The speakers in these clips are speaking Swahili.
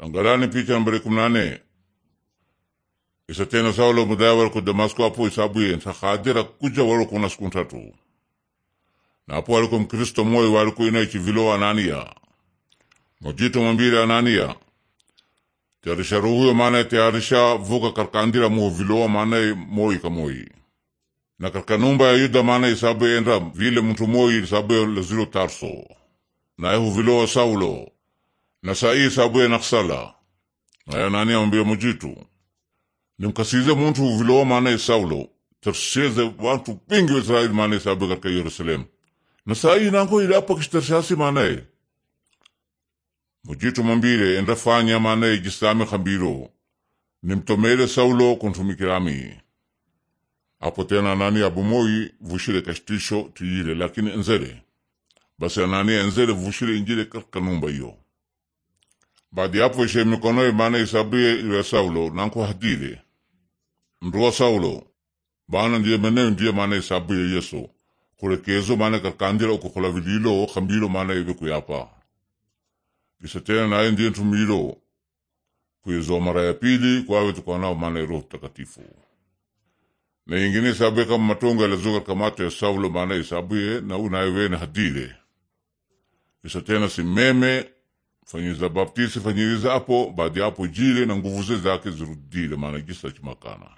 Angalani picha nambari kumi na nane isa tena saulo mudaya wariko damasko apo isa abuye sa hadira kuja wariko nasikuntatu na apo wariko kristo moyo wariko ina ichivilo anania mojito mambiri anania tiarisha ruhuyo maana tiarisha vuka karkandira viloa maana moi kamoi na karka numba ya yuda maana isabu enra vile mtu moi isabu lazilo tarso na ehu viloa saulo na saa hii sai sabuye nakusala aya nani ambia mujitu nimkasize muntu viloo maana saulo tersheze wantu wingi wa israeli maana sababu katika yerusalemu na saa sai nango ilapa kishtershasi maana mujitu mambire endafanya maana jisame khambiro nimtomele saulo kuntumikirami apo tena anania abumoi vushile kashtisho tiyile lakini enzele basi anania enzele vushile injile katika numba hiyo hapo ishe ishemikonoye mana isabriye iwe Saulo nanku hadile mruwa Saulo bana ndiye mene ndiye mana isabriye Yesu kulekezo mana karkandila ukukulavililo kambilo mana iwe kuyapa isatena naye ndiye ntumilo kuizoa mara ya pili kwawe tukwanao mana Roho takatifu na ingine isabuye kama matonga yalizuka kamato ya Saulo mana isabuye na unaye wene hadile si meme fanyiza baptisi fanyiriza apo baadi apo jile na nguvuze zake zirudile maana gisa chimakana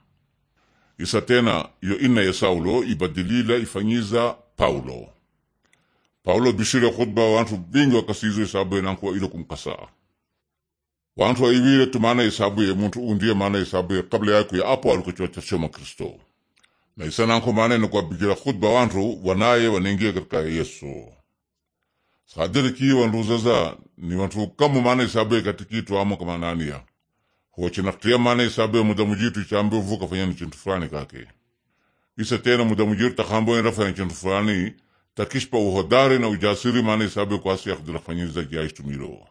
isa tena iyo ina ya saulo ibadilila ifanyiza paulo paulo bishira khutba wantu bingi wakasizo isabu enankuwa ilo kumkasaa wantu waiwile tu maana isabu ya muntu undiye maana isabu ya kabla yaku ya apo alikuchwachachoma kristo na isa nanko maana inakuwa bigira khutba wantu wanaye wanaingia katika yesu sadiri ki wanduzaza ni watu kamu mana isabe katikitu ama kama nani ya nania hochinaktia mana isabe muda mujitu ichambe uvuka ni chintu fulani kake isa tena muda mujitu takambo enda fanya chintu fulani takishpa uhodari na ujasiri mana isabe kwa kudula za kia ishtu jaishtumiro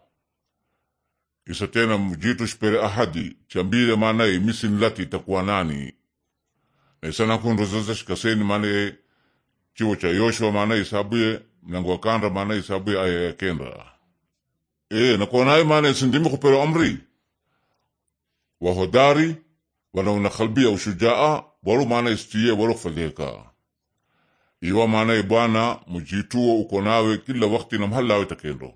isa tena mujitu shpere ahadi chambile maana misin nilati takuwa nani na isa nakunduzaza shikaseni maana chivo cha Yoshua maana isabuye mlango wa kanda maana isabu ya aya ya kenda e, eh, nakuanaye maana isindimi kupera amri wahodari wanauna kalbi ya ushujaa waru maana istiye waru kufadheka iwa maana ibwana mujituo ukonawe kila wakti na mahalawe takendo